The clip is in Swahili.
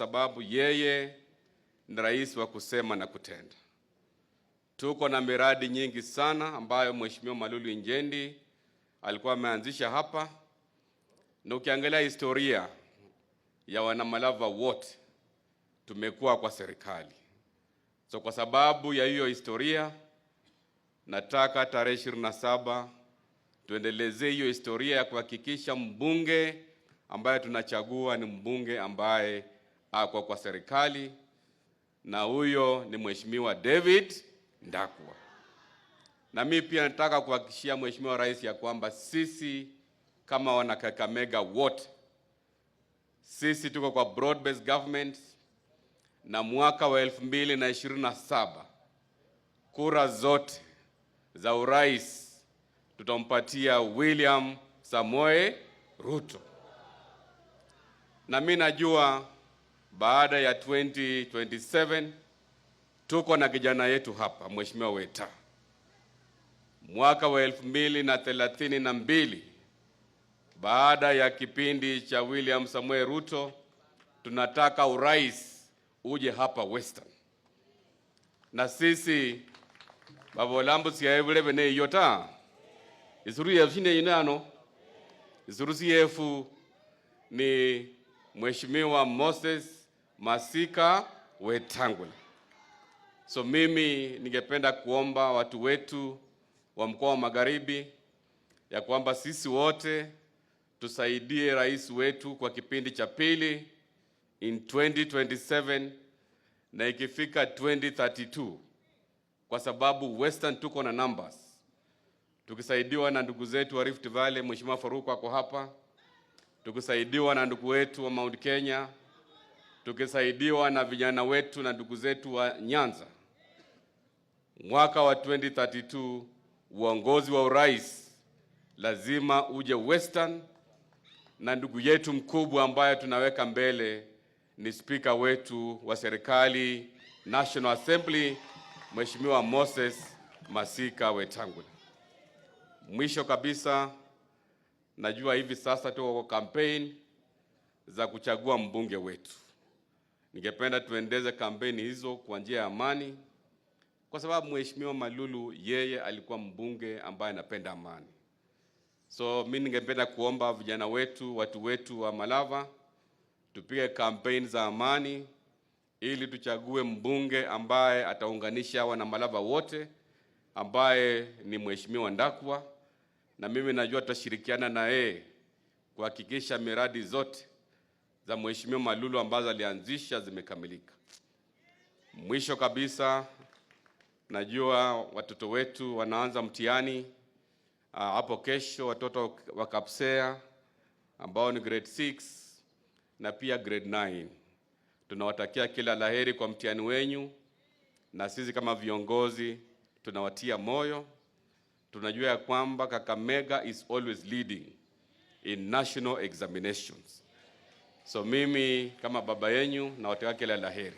sababu yeye ni rais wa kusema na kutenda. Tuko na miradi nyingi sana ambayo Mheshimiwa Malulu Injendi alikuwa ameanzisha hapa, na ukiangalia historia ya wanamalava wote tumekuwa kwa serikali. So kwa sababu ya hiyo historia, nataka tarehe ishirini na saba tuendelezee hiyo historia ya kuhakikisha mbunge ambaye tunachagua ni mbunge ambaye ako ah, kwa serikali na huyo ni Mheshimiwa David Ndakwa. Na mimi pia nataka kuhakikishia Mheshimiwa Rais ya kwamba sisi kama wana Kakamega wote sisi tuko kwa broad based government, na mwaka wa elfu mbili na ishirini na saba kura zote za urais tutampatia William Samoe Ruto, na mimi najua baada ya 2027 tuko na kijana yetu hapa Mheshimiwa Weta, mwaka wa elfu mbili na thelathini na mbili baada ya kipindi cha William Samuel Ruto, tunataka urais uje hapa Western, na sisi bavolambu siaevulevene iyo ta isuru yefu inano isuru ni Mheshimiwa Moses Masika Wetangula. So mimi ningependa kuomba watu wetu wa mkoa wa Magharibi ya kwamba sisi wote tusaidie rais wetu kwa kipindi cha pili in 2027 na ikifika 2032 kwa sababu Western tuko na numbers, tukisaidiwa na ndugu zetu wa Rift Valley, Mheshimiwa Faruku ako hapa, tukisaidiwa na ndugu wetu wa Mount Kenya tukisaidiwa na vijana wetu na ndugu zetu wa Nyanza. Mwaka wa 2032 uongozi wa urais lazima uje Western, na ndugu yetu mkubwa ambaye tunaweka mbele ni spika wetu wa serikali National Assembly, Mheshimiwa Moses Masika Wetangula. Mwisho kabisa, najua hivi sasa tuko kwa kampeni za kuchagua mbunge wetu. Ningependa tuendeze kampeni hizo kwa njia ya amani, kwa sababu mheshimiwa Malulu yeye alikuwa mbunge ambaye anapenda amani. So mi ningependa kuomba vijana wetu, watu wetu wa Malava, tupige kampeni za amani ili tuchague mbunge ambaye ataunganisha wanamalava wote, ambaye ni mheshimiwa Ndakwa, na mimi najua tutashirikiana na yeye kuhakikisha miradi zote za Mheshimiwa Malulu ambazo alianzisha zimekamilika. Mwisho kabisa, najua watoto wetu wanaanza mtihani ah, hapo kesho, watoto wa Kapsea ambao ni grade 6 na pia grade 9. Tunawatakia kila laheri kwa mtihani wenyu, na sisi kama viongozi tunawatia moyo. Tunajua ya kwamba Kakamega is always leading in national examinations. So mimi kama baba yenyu na watakia kila la heri.